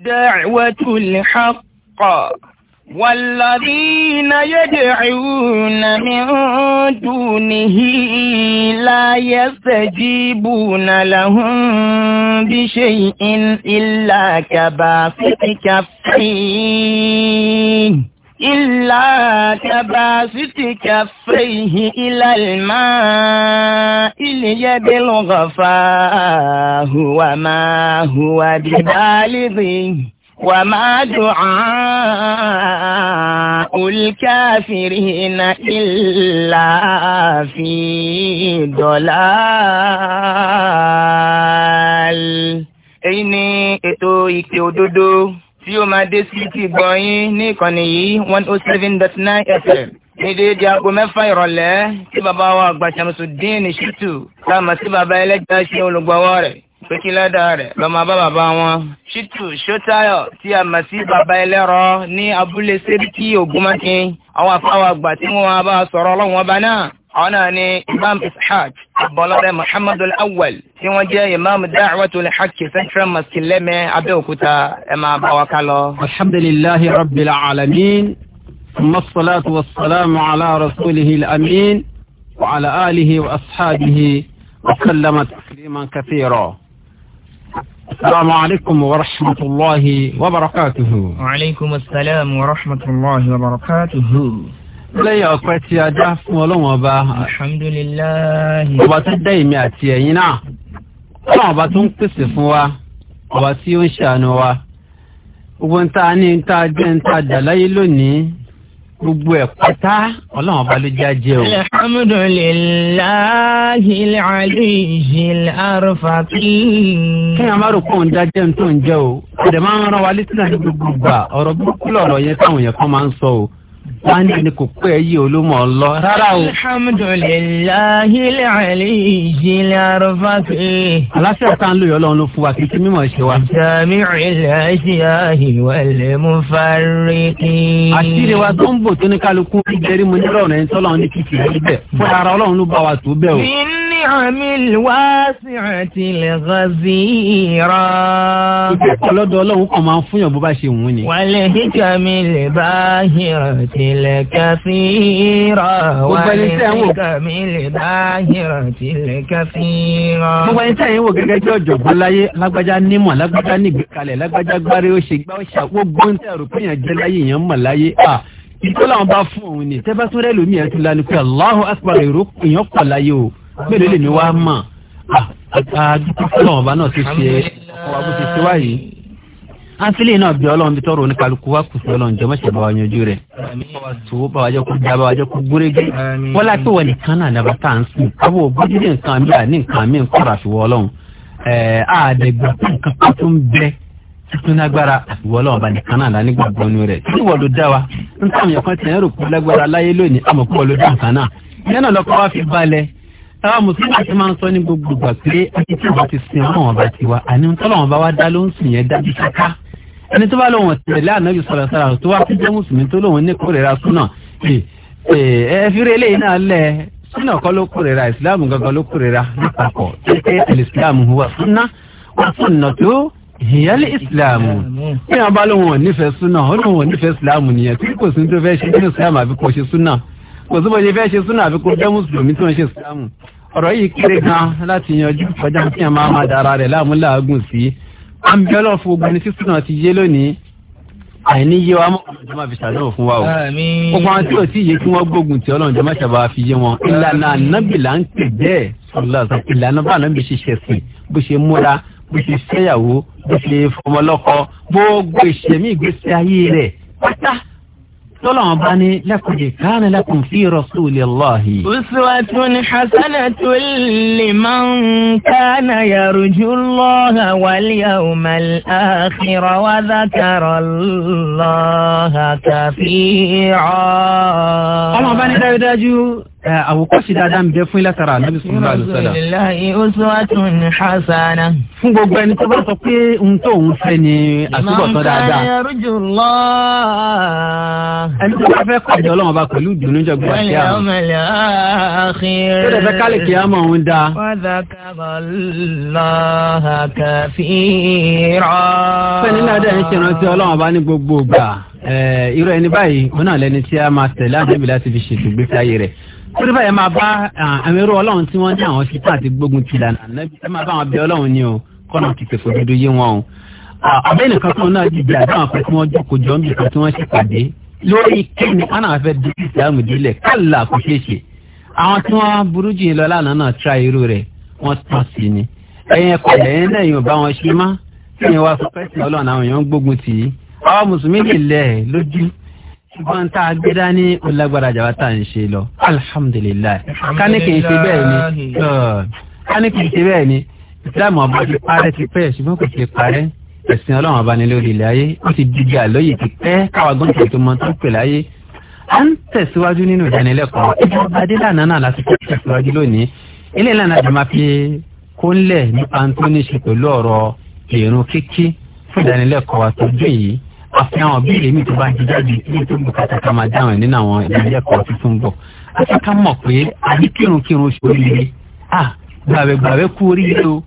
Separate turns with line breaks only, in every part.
دعوة الحق والذين يدعون من دونه لا يستجيبون لهم بشيء إلا كباسط كفين إلا كباسط كفيه إلى الماء ليبلغ فاه وما هو ببالغه وما دعاء الكافرين إلا في ضلال. èyí ni ètò ìpè òdodo tí o máa dé sí ti gbọ̀nyín ní ìkànnì yìí one oh seven dot nine fm ní déédéé aago mẹ́fà ìrọ̀lẹ́ tí bàbá wa àgbà Ṣàmsùdíìnì Ṣítù tá a mọ̀ sí bàbá ẹlẹ́gbẹ́ ṣe olùgbọ́wọ́ rẹ̀ pékíládà rẹ̀ lọ́mọ bá bàbá wọn. Ṣítù Ṣótáyọ̀ tí a mọ̀ sí bàbá ẹlẹ́rọ ní abúlé sẹ́ríkì Ògúnmákin àwọn afáwọ̀ àgbà tí wọ́n bá sọ̀rọ̀ ọlọ́wọ́n bá náà. أنا أني إمام إسحاق بلغة محمد الأول سيما جاء إمام دعوة الحق سنترا مسكلمة أبي أكتا إما بوكالو الحمد لله رب العالمين ثم الصلاة
والسلام على رسوله الأمين وعلى آله وأصحابه وسلم تسليما كثيرا السلام عليكم ورحمة
الله وبركاته وعليكم السلام ورحمة الله وبركاته lẹ́yìn
ọpẹ́ tí a dá fún ọlọ́run ọba
ọba tó dá èmi
àti ẹ̀yin náà ọlọ́run ọba tó ń pèsè fún wa ọba tí ó ń ṣàánú wa gbogbo ń ta ní ta jẹ́ ń ta dà láyé lónìí gbogbo ẹ̀ pátá
ọlọ́run ọba ló já jẹ́ o. alhamdulilayi aliyil arfaqi. kí ni a máa rò
pé òun já jẹ́ ń tó ń jẹ́ o. ọ̀dẹ̀ ń rán wa létí náà gbogbo ọ̀rọ̀ burúkú lọ̀rọ̀ yẹn táwọn yẹn kan máa ń sọ o wọ́n ní kò pé ẹ yí olómọ lọ rárá o.
alhamdulillahi aliyil
arfaqi. aláṣẹ kan lóye Ọlọ́run ló fún wa kì í ti mímọ̀ ṣe wa. jami'il ashiyahi wal mufarriqi. àṣírí wa tó ń bò tó ní kálukú jẹ́rí mu nílọ́run ẹni tọ́lọ́run ní kìkì lórí bẹ́ẹ̀ fúnra ara Ọlọ́run ló bá wa tó bẹ́ẹ̀
o. النعم الواسعة الغزيرة ọlọ́dọ̀ ọlọ́run
kan máa ń fún yàn bó bá ṣe wù ú ni.
wàlẹ̀ kíkà lè bá hìrà tilẹ̀ kásìrà. wàlẹ̀ kíkà lè bá hìrà tilẹ̀ kásìrà. gbogbo ẹni tẹ́ ń
gẹ́gẹ́ bí ọ̀jọ̀gbọ́n láyé lágbájá nímọ̀ lágbájá
nígbèkalẹ̀ lágbájá
gbáre ó ṣe gbá ó ṣàgbógbó ń pé yàn jẹ́ láyé yàn mọ̀ láyé ìtọ́lá wọn bá fún òun ni tẹ́fẹ́ tó lómi ẹ̀ tún lánàá pé Allahu akbar èrò èèyàn pọ̀ láyé o bẹ́ẹ̀ lè mi wá mọ̀ àdúgbò fọlọ́wọ́n ọba náà ti ṣe ọkọ wa bó ti ṣe wá yìí ansili náà bí ọlọ́run bí tọrọ oníkàlùkù wá kùsù ọlọ́run jọmọ ṣe bá wa yanjú rẹ tòwó bá wa jẹ kó dábàá wa jẹ kó gúrégé wọlé àti wọn nìkan náà nàbà tá à ń sùn àbò gbójúdé nǹkan mi àní nǹkan mi nkọ́ra fi wọ ọlọ́run ẹ̀ẹ́ àdẹ̀gbà tó nǹkan kan tó ń bẹ tuntun lágbára àfi ọlọ́run ọba nìkan náà lání gbàgbọ́ rẹ̀ tí wọ́n ló dá wa àwọn mùsùlùmí àti máa ń sọ ní gbogbo ìgbà pé àti tí àwọn ti sin ọlọ́wọ́n ọba tiwa àní tọ́lọ́wọ́n bá wá dá ló ń sìn yẹn dájú ṣáká ẹni tó bá lóun tẹ̀lé ànábì sọ̀rọ̀ sọ̀rọ̀ tó wá fi jẹ́ mùsùlùmí tó lóun ní kórìíra súnà ẹ fi rẹ eléyìí náà lẹ súnà kọ́ ló kórìíra ìsìláàmù gangan ló kórìíra nípapọ̀ tẹ́tẹ́ ìsìláàmù huwa súnà wà súnà tó ìyálé ìsìláàmù bí wọn bá lóun ò nífẹ̀ẹ́ súnà ó lóun ò nífẹ̀ẹ́ ìsìláàmù nìyẹn tí kò sí kò sí bó ṣe fẹ́ ṣe súnà àfi kó jẹ́ mùsùlùmí tó ń ṣe sílámù ọ̀rọ̀ yìí kéré gan láti yanjú kọjá kí a máa máa dára rẹ̀ láàmú làágùn sí àmìọ́lọ́ fún ogun ẹni tí súnà ti yé lónìí àìní yé wa mọ̀ ọ̀dọ́ máa fi ṣàdánwò fún wa o gbogbo àwọn tí ò tí yé kí wọ́n gbógun tí ọlọ́run jẹ́ máṣàbá fi yé wọn ìlànà ànábì là ń pè bẹ́ẹ̀ sọlọ́sọ ìlànà bá ànábì ṣe ṣẹ̀sìn bó ṣe múra bó ṣe fẹ́yàwó bó ṣe fọmọlọ́kọ gbogbo ìṣẹ̀mí ìgbésí ayé rẹ̀ pátá tọ́lọ́wọ́n bá ní lẹ́kùnjẹ káàní lẹ́kùn fi rasulillahi.
uswatun hasanatun liman kana yarjullaha wal yawmal akhir wa dhakara allaha kathira. ọlọ́wọ́n bá ní dájúdájú àwòkọ́ṣe dáadáa ń bẹ fún ilátara ànábì sallallahu alaihi wasallam. rasulillahi uswatun hasana. fún gbogbo ẹni tó bá sọ pé ohun tó òun fẹ́ ni àtúbọ̀tán dáadáa. ẹni tó bá fẹ́ kọjá ọlọ́run bá pẹ̀lú
ìdùnnú jọ̀gbọ́n àti àná.
tó dẹ̀ fẹ́ kálí kí á mọ̀ òun dá. pẹ̀lú náà dẹ̀ ẹni
tí a máa tẹ̀lé àdébìlá ti fi ṣètò gbèsè ayé rẹ̀ kódé báyìí máa bá àwọn ẹrú ọlọ́run tí wọ́n ní àwọn ṣípà àti gbógun ti lànà ẹ máa bá àwọn bẹ ọlọ́run ni o kọ́nà ti pèfò dúdú yé wọn o. àbẹ́ni kankan náà jìjì àdáwọn kan tí wọ́n jókòó jọ ń bì kan tí wọ́n ṣe pàdé lórí kíni wọn náà fẹ́ di ìsìlámù dílẹ̀ kálá kò ṣeé ṣe. àwọn tí wọ́n burú jù lọ lánàá náà tra irú rẹ̀ wọ́n tán sí ni. ẹ̀yin ṣùgbọ́n tá a gbé dání ó lágbára jàmbá tá à ń ṣe lọ alhamdulilayi ká ní kì í ṣe bẹ́ẹ̀ ni ká ní kì í ṣe bẹ́ẹ̀ ni islam ọba ti parẹ́ ti pẹ́ ṣùgbọ́n kò ti parẹ́ ẹ̀sìn ọlọ́run ọba ni lórí ilẹ̀ ayé ó ti di àlóyè ti pẹ́ káwa gbọ́n tó mọ tó pè láyé à ń tẹ̀síwájú nínú ìdánilẹ́kọ̀ọ́ ìjọba adélànà náà láti tẹ̀síwájú lónìí ilé ìlànà àti máa fi kónlẹ̀ nípa tó ní ṣe pẹ̀lú ọ̀rọ̀ èrò kíkí fún ìdánilẹ́kọ̀ọ́ àtọ́jú yìí àfihàn bíìlì mi tó bá jí jáde ilé tó bùkátà ká máa dáhùn nínú àwọn ìdílé ẹ̀kọ́ tuntun bọ̀ láti ká mọ̀ pé àní kírunkírun ṣe oríire ah gbàgbẹ́ gbàgbẹ́ kú oríire o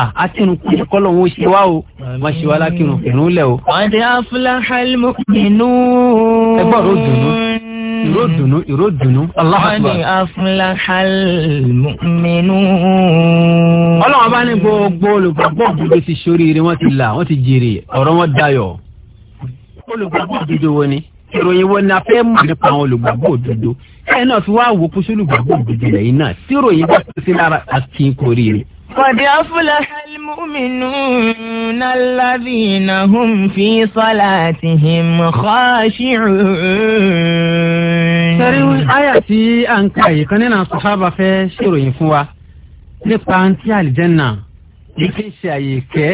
ah akínú kú kọ́lọ̀ wọn ṣe wá o wọ́n ṣe wá lákínú kírun lẹ̀ o.
wọ́n ti aflaha almu'minun. ẹ gbọ́dọ̀ dùnú ìró dùnú ìró dùnú. wọ́n ti aflaha
ọlọ́wọ́n bá ní gbogbo olùgbàgbọ́ òdodo ti ṣoríire wọ́n ti là wọ́n ti jèrè ọ̀rọ̀ wọn dayọ̀ olùgbàgbọ́ òdodo wo ni ìròyìn wo ni a fẹ́ mọ̀ nípa àwọn olùgbàgbọ́ òdodo ẹ̀ náà fi wá wò kó sí olùgbàgbọ́ òdodo lẹ́yìn náà tí ìròyìn bá tó sí lára àti ìkórè rẹ̀.
قد أفلح المؤمنون الذين هم في صلاتهم خاشعون sẹ́rí àyà tí à ń ka yìí kan nínú àṣàbà fẹ́ ṣèròyìn fún wa nípa àǹtí
àlìjẹ́nà ní kí àyè kẹ́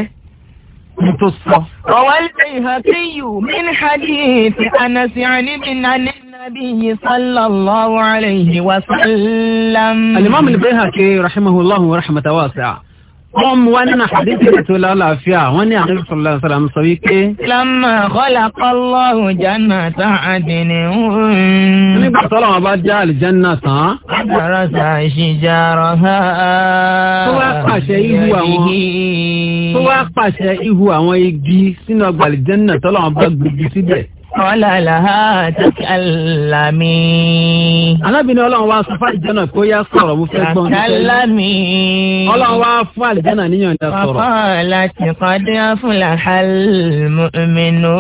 امتصة
روى البيهقي من حديث أنس عن ابن عن النبي صلى الله عليه وسلم الإمام
البيهقي رحمه الله ورحمة واسعة
wọ́n mú wá nínú àdéhùn
ètò lálàáfíà wọ́n ní àdéhùn sọ̀rọ̀ sọ̀rọ̀ sọ wípé.
lámà kọ́lá kọ́lọ́hù jánà tán àdìní ń. nígbà tọ́lọ̀ wọn
bá já àlìjánà tán. àbára
ṣàṣìjàrọ̀ ha. tó wá pàṣẹ ihu àwọn
tó wá pàṣẹ igi sínú ọgbà àlìjánà tọ́lọ̀ wọn bá gbòógì síbẹ̀
ọ̀làlà takàlámì. alábìnrin ọlọ́run wa sọ fún àlìjánà kó yá sọ̀rọ̀ mo fẹ́ gbọ́n. takàlámì. ọlọ́run wa fún àlìjánà níyàn dá sọ̀rọ̀. ọ̀là ti kọ́dé fúnla hàlmùmínú.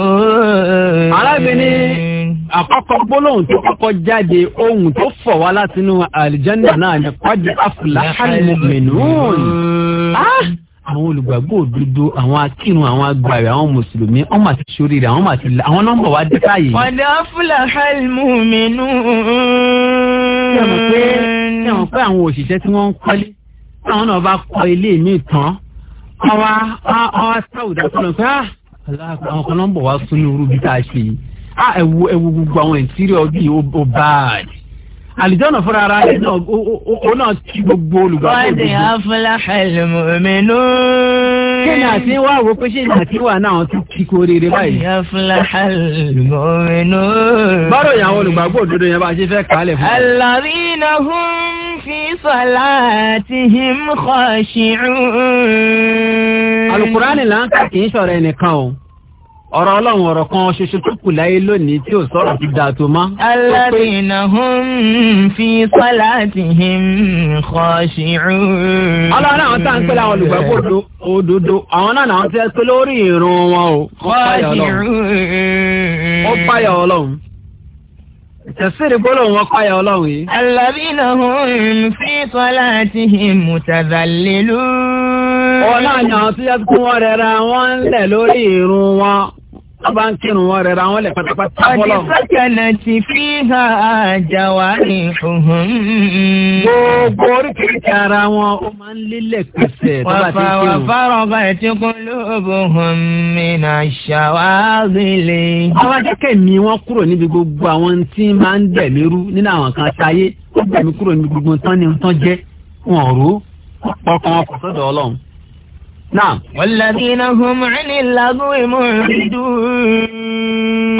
alábìnrin àkọ́kọ́ gbólóhùn tó kọ́kọ́ jáde
ohun tó fọ̀ wá látinú àlìjánà náà ni kọ́dé fúnla hàlmùmínú àwọn olùgbàgbọ́ òdodo àwọn akírun àwọn agbára àwọn mùsùlùmí wọ́n máa ti ṣoríire àwọn máa ti la àwọn nọ́mbà wa dé káyé. qad
aflaha al-mu'minun. ṣé mo pé àwọn
òṣìṣẹ́ tí wọ́n ń kọ́lé táwọn náà bá kọ́ ilé mi tán ọwọ́ ọwọ́ sáwùdà tó lọ pé ah, àwọn kan nọ́mbà wa sún ní irú tá a ṣe yìí ah, ẹ wo gbogbo àwọn ìtírí ọdún yìí ó báàdì àlìjọ́nà fúnra ara rẹ̀ náà ó náà ti gbogbo olùgbàgbọ́. wọ́n ti
afúláhà ìlúmọ̀mínú. kíni àti wá wo pé ṣé àti wà náà ti ti kó rere báyìí. wọ́n ti afúláhà ìlúmọ̀mínú. bárò yà àwọn
olùgbàgbọ́ òdodo yẹn bá ṣe fẹ́
kálẹ̀ fún. alàrínà hum fi salatihim khashi'un. àlùkùránì là ń kà
kì í sọ̀rọ̀ ẹnìkan o ọ̀rọ̀ ọlọ́run ọ̀rọ̀ kan ṣoṣo tó kù láyé lónìí tí ò sọ̀rọ̀ ti dáa tó mọ́.
alladhina hum fi salatihim khashi'un. ọlọ́run àwọn tá à ń pè láwọn olùgbàgbọ́
òdodo àwọn náà làwọn ti pé lórí ìrun wọn o. khashi'un.
ó páyà ọlọ́run. Tẹ̀sírì gbọ́dọ̀ wọn páyà ọlọ́run yìí. alladhina hum fi salatihim mutadhallilun. Ọlọ́run àwọn tí yẹ́
wọ́n bá ń kírun wọn rẹ̀ ra wọn lẹ̀ pátápátá bọ́lọ̀.
ọ̀dẹ́sàkẹ̀lẹ̀ ti fi hàn àjàwá ní ọ̀hún. gbogbo oríkèéríkèé ara wọn ó máa ń
lélẹ̀ pẹ̀sẹ̀ tó bá ti kírun. wàfà wàfà
rọ̀bà ìtìkún lóògùn mìíràn
ṣàwáàzìlẹ̀. àwọn akẹ́kẹ́ mi wọ́n kúrò níbi gbogbo àwọn tí máa ń dẹ̀mí rú nínú àwọn kan táyé ó dẹ̀mí kúrò níbi gbogbo tán ni tán jẹ́ wọn ò rú ọkàn ọkọ̀ sọ́dọ̀ ọlọ́run náà. wàlladínà hum ẹni lágún ìmọ̀rìndú.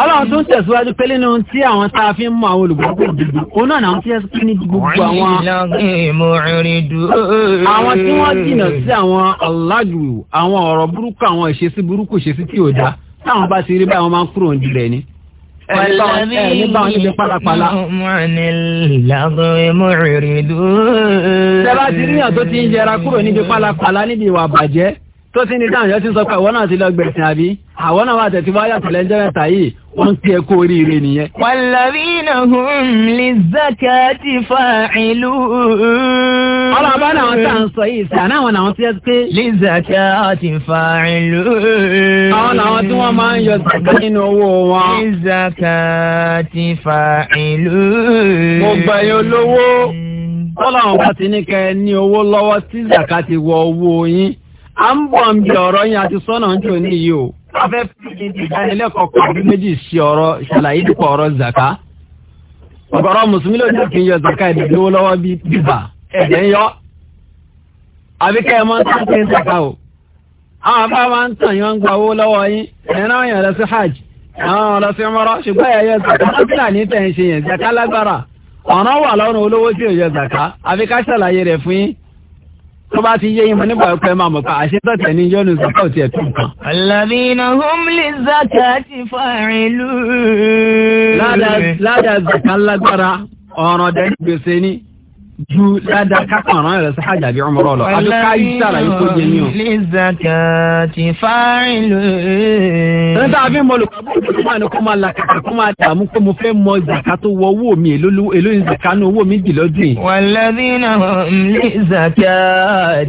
ọlọ́run tún tẹ̀síwájú pé nínú tí àwọn tá a fi ń mọ àwọn olùgbàgbọ́ òdodo òun náà náà ń fẹ́ sí ní gbogbo àwọn.
àwọn tí wọ́n jìnnà sí
àwọn aláàjù àwọn ọ̀rọ̀ burúkú àwọn ìṣesí burúkú ìṣesí tí ò dáa táwọn bá ti rí báyìí wọ́n máa ń kúrò nílẹ̀ ni.
Ẹ̀yìn pàlàpàlà. Ṣé bá ti níyàn tó ti ń yẹra kúrò níbi
pàlàpàlà níbi ìwà bàjẹ́? tó sì ní dáhùn yẹn ti sọ pé àwọn náà ti lọ gbẹ̀sìn àbí àwọn náà wà tẹ̀sí wáyà tẹ̀lé ń jẹ́rẹ̀ta yìí wọ́n ti ẹ oríire nìyẹn.
wàlàbínà hum lè zakati fa'ilu. ọlọ́ọ̀bá náà wọ́n tàn sọ yìí sí àná àwọn náà wọ́n ti ẹ́ pé. lè zakati fa'ilu. àwọn náà wọ́n tí wọ́n máa ń yọ zaka nínú owó wọn. lè zakati fa'ilu. mo gbàyàn olówó.
ọlọ́run bá ti ní kẹ́ ní owó lọ́wọ́ tí zaka ti wọ owó yín. A ń bọ̀ ń bí ọ̀rọ̀ yẹn àti sọ́nà ń ní o afẹ́ ìdánilẹ́kọ̀ọ́ kọ̀ọ̀dún méjì sí ọ̀rọ̀ ṣàlàyé dípò ọ̀rọ̀ zaka ọ̀gọ̀rọ̀ mùsùlùmí ló ní kí yọ zaka ẹ̀dẹ̀ lówó lọ́wọ́ bí bíbà ń yọ àbí ẹ zaka o àwọn ń tàn ń gba owó lọ́wọ́ yín náà sí zaka zaka lágbára wà lọ́rùn olówó tó bá ti yé yín mo nígbà pẹ́ máa mọ̀ pé àṣetọ̀tẹ̀ ní yọ́nù sọ́kọ̀ tiẹ̀ tó nǹkan.
alladhina hum li zakati fa'ilun. ládàá zaka lágbára
ọ̀ràn dẹ́gbèsè ni ju dáadáa kákànrán rẹ̀ sí hajj àbí ọmọ rọ̀ lọ. àdúgbò ayé sára yìí kó jẹ ní o. lè fi ń mọlò pàbó ìdílé máa ní la kàkà kó máa dààmú pé mo fẹ́ mọ zaka tó wọ mi èló
ní zaka ní owó mi jìlọ dùn. wàlẹ́bí náà lè zaka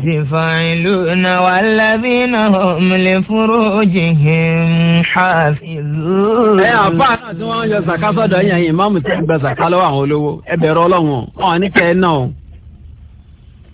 ti fárin lò na wàlẹ́bí náà lè fúró jìhìn hafizu. ẹ àbá náà tí wọ́n ń yọ zaka sọ́dọ̀ yẹn yìí máàmù tí ń gba zaka lọ́wọ́ àwọn olówó
ẹ bẹ̀rẹ̀ ọlọ́run ọ̀ ní kẹ́ náà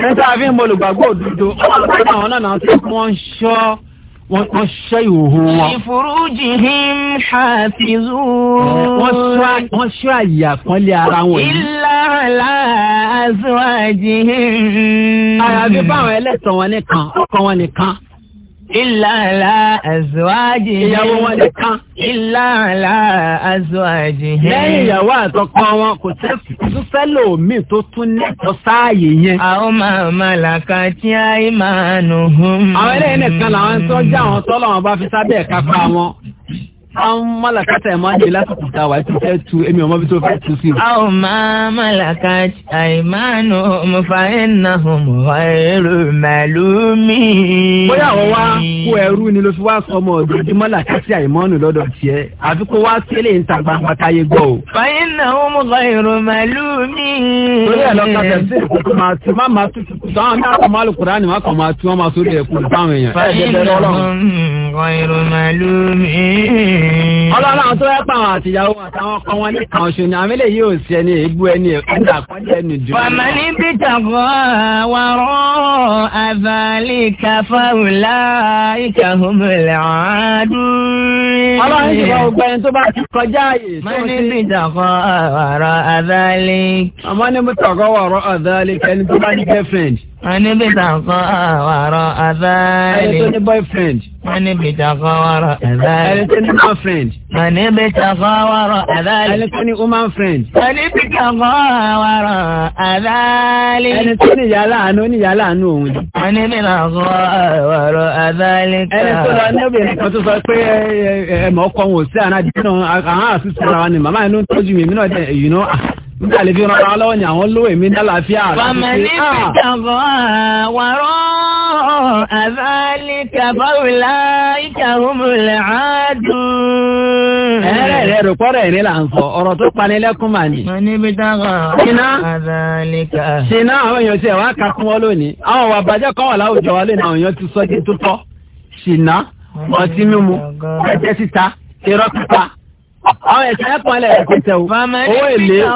wọ́n tá a fi ń bọ̀ olùgbàgbọ́ òdodo ọlọ́run àwọn náà ti wọ́n ṣọ́ wọ́n ṣọ́ ìhòòhò wọn.
ìfurujì him
hafizu. wọ́n ṣọ́ àyè àpọ́nlé ara wọn yìí. illa
ala azwajihim. àyàfi báwọn ẹlẹ́tọ̀ wọn nìkan ọkọ wọn nìkan ìlàlà àzọ́àjì. ìyàwó wọn lè kán. ìlàlà àzọ́àjì. lẹ́yìn ìyàwó àtọkọ wọn kò tẹ́ tún fẹ́lò mi tó tún ní ọ̀sáàyè yẹn. àwọn máa ma làkà tí a máa nù. àwọn eléyìí nìkan làwọn tó àwọn tọ́lọ́ wọn bá fi sábẹ́ ẹ̀ka pa wọn
an malaka ta ma ne lásìkò tá a wà tó fẹ́ tu èmi ọmọ bí tó fẹ́ tu sí o. a
máa malaka àìmánu mo fa iná mo wá èrò màlúmi. bóyá àwọn wa kó
ẹrú ni ló fi wá sọ ọmọ ọdún ní malaka sí àìmánu lọ́dọ̀ tiẹ̀ àfi kó wá sí eléyìí ta gbangba káyé gbọ́ o.
fa iná mo wá èrò màlúmi. ẹ̀ lọ́ka sí ìkókó
máa tu má máa tu sọ́wọ́n ní àwọn alukura ni wọ́n kàn máa tu wọ́n máa sórí ẹ̀kú fáwọn èèyàn. fa iná mo wá èrò màlúmi ọlọ́run tó yẹ pa àwọn àtìyàwó àtàwọn ọkọ wọn ní kan ṣù ni àmì lè yóò ṣe ẹni èébú ẹni ẹ̀kúndà kọ́lé ẹni jù. wàmà ní
peter kọ́ àwárọ̀ àbálẹ̀ káfáwùlá ìkàhùnmọ̀lẹ̀ ọ̀hádùn. ọlọ́run ti bá gbogbo tó bá ti kọjá àyè. mà ní peter kọ́ àwárọ̀ àbálẹ̀. àbálẹ̀ kẹ́ni tó bá ní wọ́n níbi tàkọ́ àwárọ̀ àdáyé. ẹni tó ní boyfriend. wọ́n níbi tàkọ́ àwárọ̀ àdáyé. ẹni tó ní girlfriend. wọ́n níbi tàkọ́ àwárọ̀ àdáyé. ẹni tó ní woman friend. wọ́n níbi tàkọ́ àwárọ̀ àdáyé. ẹni tó ní yàrá àánú ní yàrá àánú òun ni. wọ́n níbi tàkọ́ àwárọ̀ ẹni tó lọ níbi nǹkan tó sọ pé ẹ mọ̀ ọkọ wọn
ò sí àná àdìsí náà àwọn àtúntò ara wa ni màmá inú tọ́jú mi èmi náà ah nígbà lè fi ràn án lọ́wọ́ ni àwọn lówó èmi lálàáfíà. fàmìlì bìtàbọ̀
wàrọ̀ àbálíkà fáwìlà ìkàwọ́mùlẹ̀ àádùn. ẹ̀rẹ̀ rẹ̀ rò pọ́rọ̀ ẹ̀rín là ń sọ ọ̀rọ̀ tó panilẹ́kún mà ní. fàmìlì bìtàbọ̀ àbálíkà. ṣìnà
àwọn èèyàn ti ẹ̀ wá kakún wọn lónìí lónìí àwọn èèyàn àwọn ẹ̀sìn ẹ̀pọ̀n lẹ̀ ẹ̀kẹ̀tẹ̀ o owó èlé ìrìbá.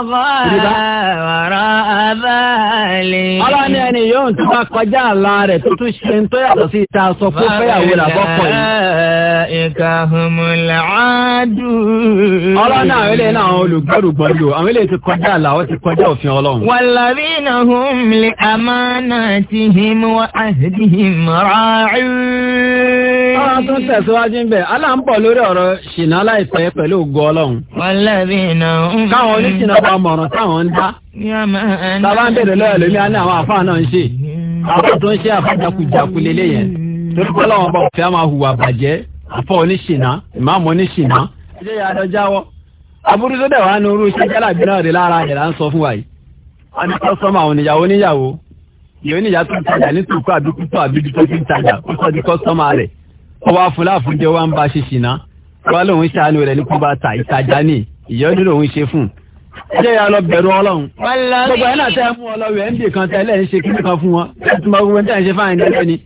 ọlọ́run ní ẹni yóò tún bá kọjá àlá rẹ̀ tó ṣe ń tó yàtọ̀ sí ìta sọ fún fẹ́yàwó làbọ́kọ̀ yìí.
ọlọ́run náà àwọn náà àwọn
olùgbọ́dùgbọ́dù àwọn eléyìí ti kọjá àlá wọ́n ti kọjá òfin ọlọ́run. wàlàbí
náà hùm lè àmánà ti him wá àdìhìm ráàcì. ọlọ́run tún tẹ̀síwájú ń bẹ̀ ògo ọlọ́run. wàlábì náà. káwọn oníṣìnà bá
mọ̀ràn táwọn ń dá.
bàbá ń bèrè lọ́yọ̀ lómi àná
àwọn àfáà náà ń ṣe àfáà tó ń ṣe àfáà jákujàku lélẹ́yẹn torí pé ọlọ́run bá fẹ́ máa hùwà bàjẹ́ àfáà oníṣìnà ìmáàmù oníṣìnà. ṣé ìyá àdọ́jáwọ́ aburú tó dẹ̀ wá ní orú iṣẹ́ jálàbí náà rè lára ẹ̀ là ń sọ fún wa yìí. wọ́n ní kọ́sọ́mù àwọn oníyàwó oníyàwó ìyẹn oníyà tó ń tajà ní tòkó àbí kútó àbí tó ń tajà ó sọ di kọ́sọ́mù rẹ̀ ó wá fún láàfúnjẹ́ wá ń bá ṣe ṣìnà wọ́n lòun ṣàánú rẹ̀ ní kó bá ta ìtajà ní ìyọ́nú lòun ṣe fún un. ṣé ìyá lọ bẹ̀rù ọlọ́run. gbogbo ẹ̀ náà tẹ́ ẹ mú ọlọ́run ẹ̀ ń bì kan tẹ́lẹ̀ ń ṣe kíkì kan fún wọn. ẹ ti mọ gbogbo ẹ̀ ń ṣe fáwọn ẹ̀dá lẹ́ni.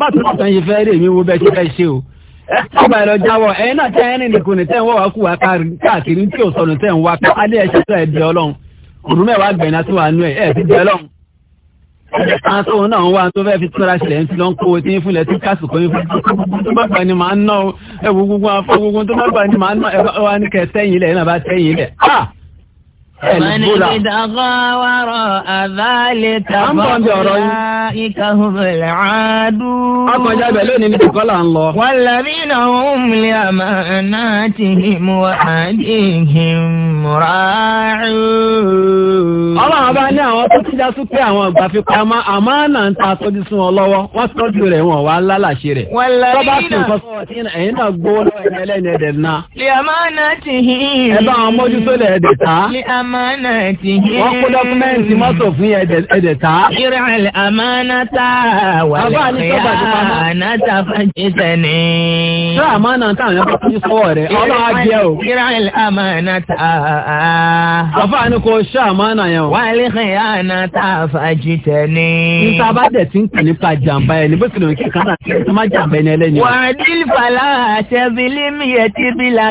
bàtú náà tán ṣe fẹ́ rè mí wo bẹ́ẹ̀ ṣe fẹ́ ṣe o. ẹ sábà lọ jáwọ́ ẹ náà tẹ́ ẹni nìkan ní tẹ́ ń wọ́ wá kú wá káàkiri tí ò sọnù tẹ́ ń wá àwọn tó ń náà wá tó fẹ́ fi túnra ṣẹlẹ̀ ń fi lọ́n kó tí ń fúnlẹ̀ tí kásìkò yín fún tó bá gbà ni màá ná ẹ̀wù gbogbo afọ gbogbo tó bá gbà ni màá ná ẹ̀wà ní kẹ sẹ́yìn ilẹ̀ yìí náà bá sẹ́yìn ilẹ̀ ẹlẹgbọla. ẹ̀mọ́ni
ìdàgbọ́ wàrọ̀ àbálẹ̀ tàbọ̀ bọ̀lá ìkàhùnbẹ̀lẹ̀ àádú. akọjá bẹ̀ lónìí ní kọ́lá ń lọ. wàlàbí náà ń lè àmà náà ti mú àdéhìn mùráàrú. ọlọ́run bá ní
àwọn tó tíjá sí pé àwọn ìgbà fi pa àmọ́ náà ń ta àtọ́jú sí wọn lọ́wọ́ wọ́n tọ́jú rẹ̀ wọn wá lálàṣe rẹ̀. wàlàbí náà ẹ̀yin náà gbowó lọ́wọ́ ẹ̀yin ẹlẹ́ni ẹ̀dẹ̀ náà.
lè àmà náà ti hìn. ẹ àmàna ti yé. wọ́n kó
dọ́kúmẹ́ǹtì mọ́tò fún ẹ̀dẹ̀ tá. ìrẹ̀
àlẹ́ àmàna tá wà lẹ́yìn àná tá fàjì sẹ́ni. ṣé àmàna tá àwọn ẹ̀fọ́ ti fọ́ rẹ̀ ọlọ́ àjẹ́ o. ìrẹ̀ àlẹ́ àmàna tá. bàbá ni kò ṣe àmàna yẹn o. wà lẹ́yìn àná tá fàjì sẹ́ni. níta bá dẹ̀ ti ń pè nípa jàǹbá ẹ̀ ní bó tilẹ̀ kí kan náà ti má jàǹbá ẹni ẹlẹ́ni. wà á dín fàlà àṣẹ bílímì ẹ̀ tí bílà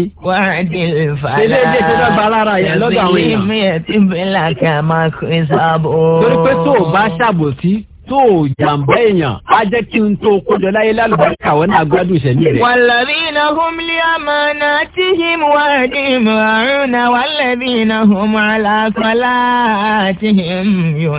ni. wà á di ìfàlà ilé ṣe lọ́ba alára yẹn lọ́dọ̀ àwọn èèyàn. èmi ẹ̀ ti bílà ká máa kó sábò. torí pé tó o bá
ṣàbòsí tó o jàǹbá èèyàn
á jẹ́ kí n tó kójọ láyé
lálùbáríkà wọn náà gbádùn ìṣẹ̀lẹ̀ rẹ̀. wàlàbí
iná humli amana tí him wà ní màrúnà wàlàbí iná humala kọlá tí him yóò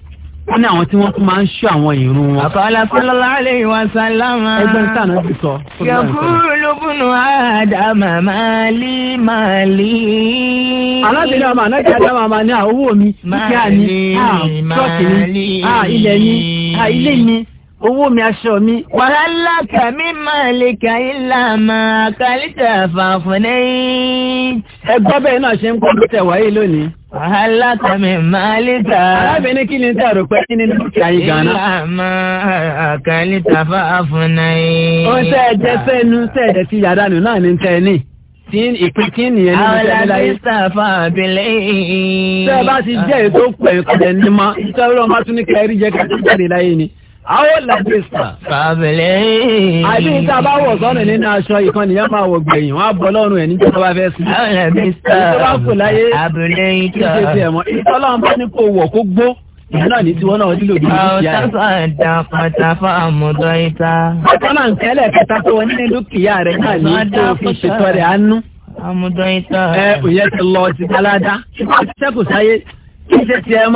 ó ní àwọn tí wọ́n tún máa ń ṣọ́ àwọn ìrun wọn. àfàlà sọlọ́lá
àlẹ́ ìwà sálámà. ẹgbẹ́ sànà
ti sọ. yòókù
lóbùnú àdàmà máa lé máa ọmọ anájà àdàmà máa ní àwọn ah, owó mi. máa ah, lé ah, ilẹ̀ mi ilé mi owó mi aṣọ mi. wàhálà kàmí máa lè kà í là máa kàlítà fàfúnẹ́. ẹ gbọ́ bẹ́ẹ̀ náà ṣe ń kọ́ ló tẹ̀ wáyé lónìí. wàhálà kàmí máa lè kà. arábìnrin kí ni tẹ́ ọ̀rọ̀ pé kí ni dúkìá yìí gan-an. ìlà máa kàlítà fàfúnẹ́. ó ń tẹ́ ẹ jẹ́ sẹ́nu tẹ́ ẹ jẹ́ ti yàrá nù náà ní tẹ́
tí ìpín kí nìyẹn ní ìṣẹ̀lẹ̀ láyé. àwọn
sáfà abilé. tẹ́ ẹ bá ti jẹ́ ètò
pẹ̀lú àwọn làbísà. fàbílẹ̀ yìí. àbí níta bá wọ̀ sọ́nù nínú aṣọ ìkan nìyẹn máa wọ gbẹ̀yìn wọn á bọ̀ lọ́rùn ẹ̀ níjọba bá fẹ́ àwọn ìjọba kò láyé. tiẹ̀ mọ́
bá ní kó wọ̀ kó gbó ìyá náà ní tiwọn náà bíi pátá fún àmúdọ́ ìta. kẹta wọ́n dúkìá rẹ̀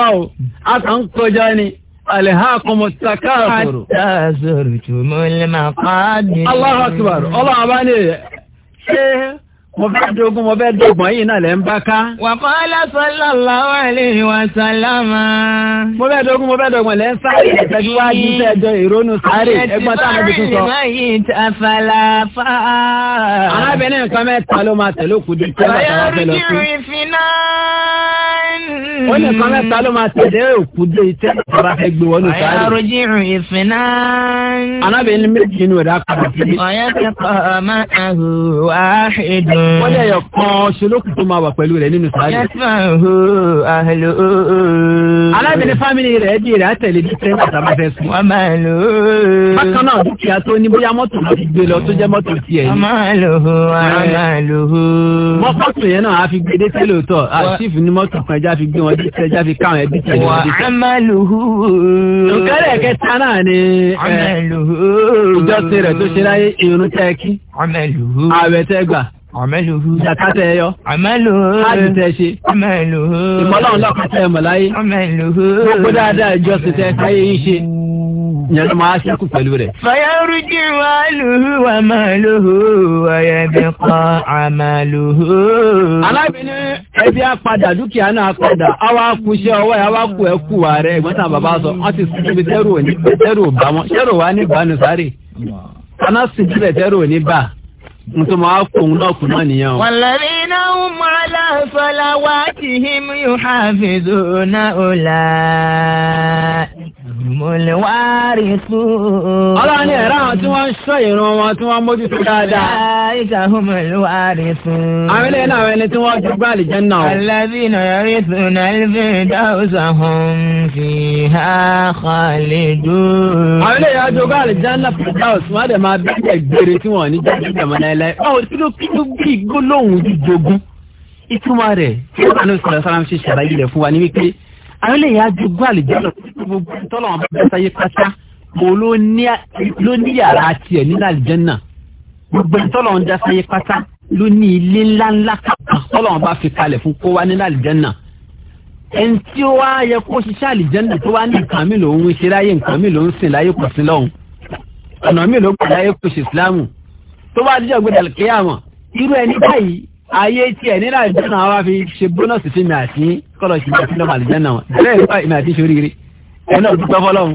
náà ní Àlẹ́hàkùn mọ̀tàkáàkùrù. Àtàzòrò tùmọ̀ lè máa pàdé. Allahu akbar, ọlọ́run bá ní ṣé mo fẹ́ dogun mo fẹ́ dogun yìí náà lẹ́ ń bá ká. Wàkọ́lá sallallahu
alaihi wa sallama. mo fẹ́ dogun mo fẹ́ dogun lẹ́ ń sáré ẹ̀tẹ́jú wá ní sẹ́jọ ìrónú
sáré ẹgbọ́n táwọn ibi tún sọ. arábìnrin nǹkan mẹ́ta ló
máa tẹ̀lé òkú di tí wọ́n bá tẹ̀lé lọ sí
ó ní kan mẹ́ta ló
máa tẹ̀lé òkú dé tẹ́ ìjọba fẹ́ gbé wọnú sáré. ọ̀yà rojí
rìn ìfín náà. alábẹ́ni
méjì inú rẹ̀ akọ̀dọ̀ sílé. ọ̀yà ti kọ́ ọmọ àhù wáhìdùn. wọ́n lè yọ kan ṣolókùn tó máa wà pẹ̀lú rẹ̀ nínú sáré. alábẹ́ni fámìlì rẹ̀ di rẹ̀ àtẹ̀lé bí tẹ́ ìjọba fẹ́ máa lò ó. bákan náà dúkìá tó ní bóyá mọ́tò náà ti gbé lọ tó jẹ́ mọ́tò tiẹ̀ ni. mọ́tò yẹn náà á fi gbé dé tẹ́lẹ̀ òótọ́ wọn bí tẹ́já fi káwọn ẹbí tẹ̀lé wọn bí tẹ́já. amaluhu. nkẹ́rẹ́ kẹta náà ni
ìjọsìn rẹ̀ tó ṣe láyé irun tẹ́ kí. amaluhu. ààwẹ̀ tẹ́ gbà. amaluhu. jàkà tẹ yọ. amaluhu. hajj tẹ ṣe. amaluhu. ìmọ̀lọ́run lọ́kàn tẹ mọ̀ amaluhu. gbogbo dáadáa ìjọsìn tẹ káyé yín ṣe yẹn ló máa ṣẹ́kù pẹ̀lú rẹ̀. fayọrù jí wa lùhù wa máa lùhù ọ̀yẹ́ bí kan àmà lùhù.
alábìnrin ẹbí
apadà dúkìá náà padà àwa
kú iṣẹ́ ọwọ́ yà wá kú ẹ kú wa rẹ̀ ẹ̀gbọ́n tàn bàbá sọ wọ́n ti sùn tẹ́rù òní tẹ́rù òbá tẹ́rù wa ní ìbánu sáré kaná sùn tẹ́rù òní bà nítorí wọn á kó náà
kú náà nìyẹn o. wàlẹ́rì náà ń mọ aláṣọ làwọn àti him yóò hàfi dùn náà ó là mọ̀lẹ́wárì fún. ọlọ́run ní ẹ̀rọ àwọn tí wọ́n ń ṣọ́ ìran wọn tí wọ́n mójútó dáadáa. láìka mọ̀lẹ́wárì fún. àwọn eléyìí náà ẹni tí wọ́n gbọ́ àlìjẹ́ náà. alábí náà rí sùn alifin dáhùsà hàn fi ha kàlẹ́ dó. àwọn eléyìí
wọ́n jogún àlìjẹ́ náà fìdáhùsù wọ́n dẹ̀ máa bẹ́ẹ̀ gbére tí wọ́n ní jáde ìjàmọ́ náà láì. báwo tí ló àwọn lè yá ju gbọ́ àlìjẹ́ lọ sí gbogbo tọ́lọ̀ wọn bá bẹ́ẹ̀ sáyé pátá mo ló ní yàrá tiẹ̀ nínú àlìjẹ́ náà gbogbo tọ́lọ̀ wọn dá sáyé pátá ló ní ilé ńláńlá kan tọ́lọ̀ wọn bá fi kalẹ̀ fún kó wá nínú àlìjẹ́ náà ẹni tí ó wá yẹ kó ṣiṣẹ́ àlìjẹ́ náà tó wá ní nǹkan mi lòún ṣe láyé nǹkan mi lòún sìn láyé kò sí lọ́hùn ọ̀nà mi ló gbà láyé kò ṣe ìsìlámù tó bá díjọ́ gbé ayé tí ẹ nílà ìjọba wa fi ṣe bónọ́sì sí mi àti kọ́lọ̀ sí mi àti lọ́mọ àlùjá náà bẹ́ẹ̀ ló bá èmi àti ṣoríire ẹ náà dúpẹ́ fọlọ́run.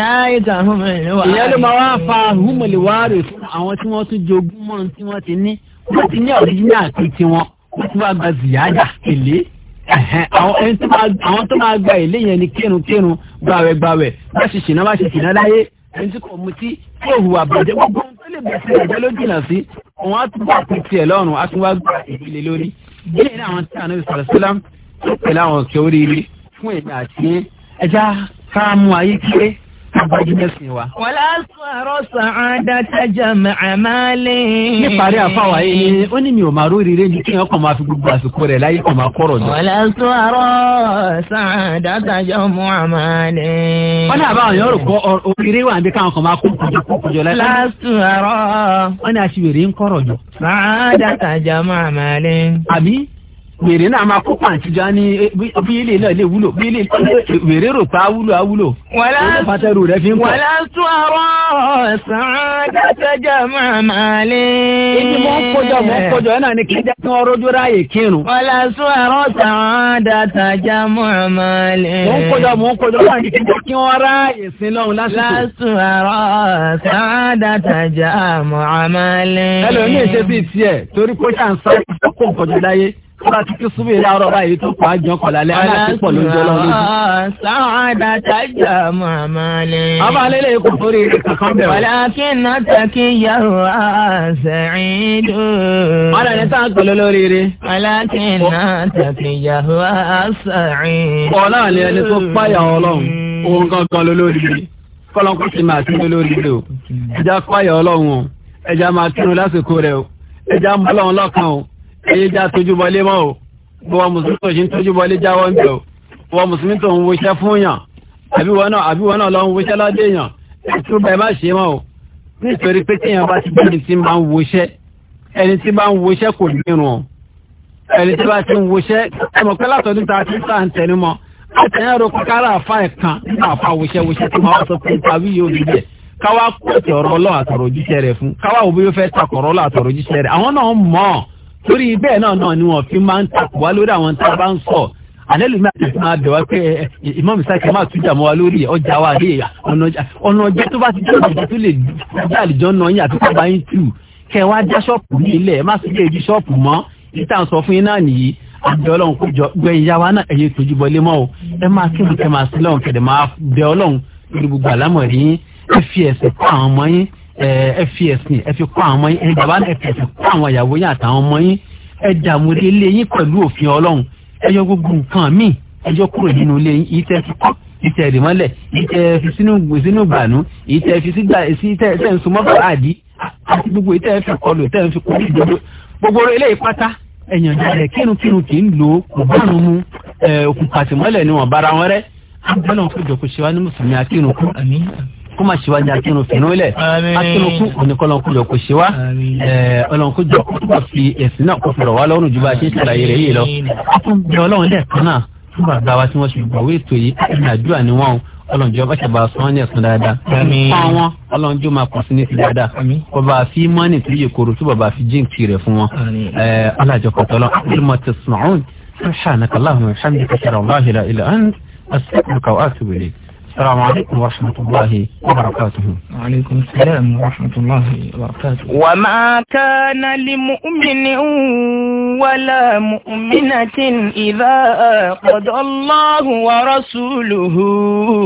láyé tà fún mi ní wàhálà. ìyá ló máa
wá fa húmọ̀lì wáàrè fún àwọn tí wọ́n tún jogún mọ́ tí wọ́n ti ní wọ́n ti ní ọ̀ríjìnà àti tiwọn wọ́n ti wá gba zìyájà èlé. àwọn tó máa gba èlé yẹn ni kírun kírun gbàwẹ̀ gbàwẹ̀ bá ṣe ṣìnà bá ṣe ṣìnà láyé ẹni tí kò mutí kó hùwà bàjẹ́ gbogbo ohun
tó lè bẹ̀sẹ̀ ìjẹ́ ló
jìnnà sí òun á tún bá àpètì ẹ̀ lọ́rùn á tún wá gba ìdílé lórí ilé ní àwọn tí àná ìsọ̀rọ̀ sílám tó pẹ̀lú àwọn òkè oríire fún èmi àti ẹja ká mú ayé kéré bájú mẹ́sìn wa.
wọ́lá sọ̀rọ̀ sàádá tájà màmálé. níparí àfàwà
yìí ni ó ní mi ò máa rórí rẹ ju kí wọn kàn máa fi gbogbo àsìkò rẹ láyé kàn máa kọ̀rọ̀ lọ.
wọ́lá sọ̀rọ̀ sàádá tájà màmálé. wọ́n ní àbáwọn yóò rò
kọ́ oríire wà níbi káwọn kan máa kó kùjọ kó kùjọ láyé. wọ́lá
sọ̀rọ̀.
wọ́n ní aṣèwèrè ń kọ̀rọ̀ jù. sàádá tájà màmálé. àbí wèrè náà máa kó pàǹtí já ní eh, bí ilé náà lè wúlò bí ilé wèrè rò pa wúlò á wúlò. wàlá pàtẹ́rù rẹ fi ń kọ́. wàlá
tún ọ̀rọ̀ ọ̀sán dákẹ́jọ́ máa máa lé. ibi mọ́ ń mọ́ ń kójọ náà ni kíjà kí wọ́n rójú ráàyè kírun. wàlá tún ọ̀rọ̀ ọ̀sán dákẹ́jọ́ máa máa lé. mọ́ ń mọ́ ń kójọ náà ni kíjà kí wọ́n ráàyè sin lọ́hùn lásìkò. lásùn ọ̀rọ̀ ọ̀sán dákẹ́jọ́ máa máa lé. ẹ Kọ́lá ti kí súnmí láàárọ̀ báyìí tó pa jọ kọ̀lá lẹ́ aláàtúpọ̀ ló ń jọ lọ́wọ́ tájà màmá lé. Ọba lélẹ̀ ikú torí kankan bẹ̀rẹ̀. Wàlá kí iná takí yàrá àṣẹ̀yìndó. Ọ̀rọ̀ ní sáà gbọ́lọ́ lóríire. Wàlá kí iná takí yàrá àṣẹ̀yìndó.
Kọ̀lá ni ẹni tó páyà ọlọ́run, òun gangan lólóríire. Kọ́lọ́kù ti máa tún lólóríire o. Ẹja páyà ọlọ́run Ẹja máa tún lásìkò rẹ̀ Ẹja ń ẹyẹ já tójúbọlé mọ́ o bọ́wọ́ mùsùlùmí tó ṣe ń tójúbọlé jáwọ́ ń bẹ̀ o bọ́wọ́ mùsùlùmí tó ń wọṣẹ́ fún yàn àbí wọn náà àbí wọn náà lọ ń wọṣẹ́ lọ́dẹ yàn ìtúbà ẹ má ṣe mọ́ o nítorí pé téèyàn bá ti bẹ́ẹ̀ ti máa ń wọṣẹ́ ẹni tí bá ń wọṣẹ́ kò nírun o ẹni tí bá ti ń wọṣẹ́ ẹ mọ̀ pé látọ̀dún ta ti sá ń tẹnu mọ́ àtẹ̀yẹ́ ro kára àfa ẹ̀kan nígbà àfa wọṣẹ́wọṣẹ́ tó máa sọ pé tàbí yóò rí bẹ́ẹ̀ káwá kóòtù ọ̀rọ̀ ọlọ́ àtọ̀rọ̀ ojúṣe rẹ̀ fún káwá òbí yóò fẹ́ takọ̀rọ̀ ọlọ́ àtọ̀rọ̀ ojúṣe rẹ̀ àwọn náà mọ̀ ọ́ torí bẹ́ẹ̀ náà náà ni wọ́n fi máa ń takò wá lórí àwọn tá a bá ń sọ àlẹ́lùmí àti máa bẹ̀ wá pé ìmọ̀mí sáìkì máa tún jàmọ́ wa lórí ọjà wa lè ọ̀nà ọjà tó bá ti jẹ́ ọjà tó lè dá àlìjọ́ náà yín àti bàbá yín tù kẹ́ wá já ṣọ́ọ̀pù ní ilẹ̀ ẹ má sì lè di ṣọ́ọ̀pù mọ́ ìta ń sọ fún yín náà nìyí àbẹ̀ ọlọ́run kò jọ gbẹ̀yìn yá wa náà ẹ̀yẹ tójú bọlé mọ́ o ẹ máa kí nǹkan máa sí lọ́run kẹ̀dẹ̀ máa bẹ ọlọ́run lórí gbogbo àlámọ̀ yín ẹ fi ẹ̀sẹ̀ kọ́ àwọn ọmọ yín ẹ fi ẹ̀sìn ẹ fi kọ́ àwọn ọmọ yín ẹ̀yin bàbá ẹ fi ẹ̀sìn kọ́ àwọn ìyàwó yín àtàwọn ọmọ yín ẹ dààmú dé ilé yín pẹ̀lú òfin ọlọ́run ẹ yọ gbogbo nǹkan míì ẹ yọ kúrò nínú ilé yín yìí tẹ́ fi kọ́ yìí tẹ́ rì mọ́lẹ̀ yìí tẹ́ fi sínú sínú gbànú yìí tẹ́ fi sígbà sí tẹ́ tẹ́ ń sumọ́ bàrà àdí àti gbogbo yìí fi kọlù tẹ́ fi kọ́ ìdodo gbogbo eléyìí pátá ẹ̀yàn jalè kírun kì í ni wọ́n bára wọn kó má ṣe wá ní akínú fìnnú lẹ̀ akínú kú òní kọ́lọ́nkú jọ kó ṣe wá ọlọ́nkú jọ kó tó fi ẹ̀sìn náà kó fọ̀rọ̀ wá lọ́rùn ju bá a ṣe ń ṣàlàyé rẹ̀ yìí lọ. ọkùnrin ọlọ́run lẹ́ẹ̀kan náà fún bàbá wa tí wọ́n ṣe gbọ̀wé ètò yìí àdúrà ni wọ́n ọlọ́njọ́ bá ṣàbà sọ́n ní ẹ̀sán dáadáa. fún wọn ọlọ́njọ́ máa pọ̀ sí ní ti dáadáa. bàbá fi mọ́nì tó yẹ kóró tó bàbá fi jíǹkì rẹ̀ fún wọn. ọlọ́jọ́ kọ̀tọ́ lọ àkùrẹ́mọ ti sùn ọ̀hún. sọ́ṣà nàkàlà ọ̀hún ṣàǹdí kàṣàrà ọ̀lá ìlà ìlà ọ̀hún. السلام عليكم ورحمة الله وبركاته
وعليكم السلام ورحمة الله وبركاته وما كان لمؤمن ولا مؤمنة إذا قضى الله ورسوله